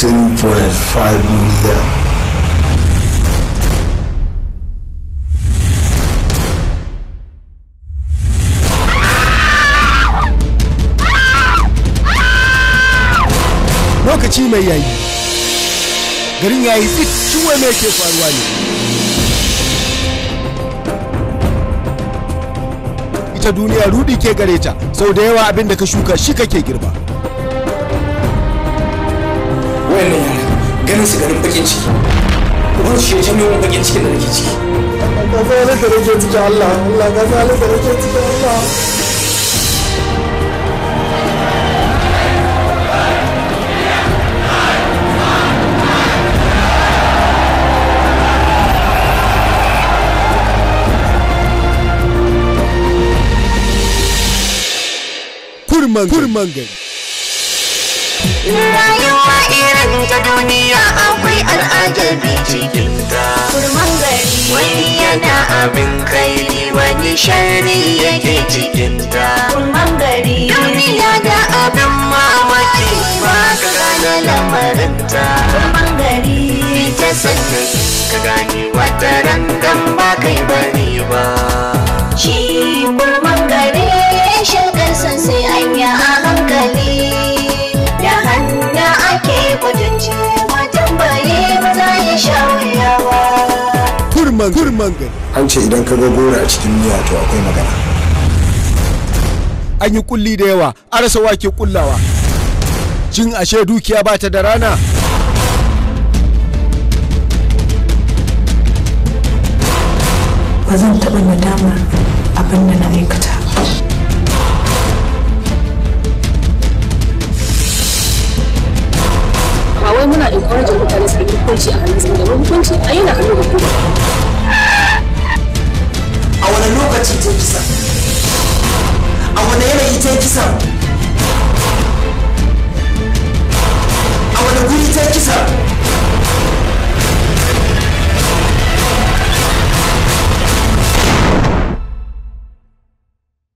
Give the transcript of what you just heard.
3.5 million lokaci mai yayi garin yayi tsit ciwo mai ke faruwa ne ita duniya rudi ke gare ta sau da yawa abin da ka shuka shi kake girba ganin su ganin bakin ciki uban shi ya janyo min bakin cikin da nake ciki ka zalin da nake ciki Allah Allah ka zalin da nake ciki Allah Kurmangan. Kurmangan. rayuwa irin ta duniya akwai al'ajabi cikin ta kurman gari wani yana abin kairi wani sharri yake cikin ta kurman gari duniya da abin mamaki ba ka gane lamarin ta kurman gari ta sannan ka gane wata rangan ba kai bari ba kurman an ce idan ka ga gora a cikin miya to akwai magana an yi kulli da yawa a rasa wake kullawa jin ashe dukiya ba ta da rana ba zan taɓa nadama abin da na aikata wai muna da encourage mutane su yi hukunci a hannun sun gaba hukunci a yi na hannun hukuma. A wani lokaci ta kisa? A wani yanayi ta kisa?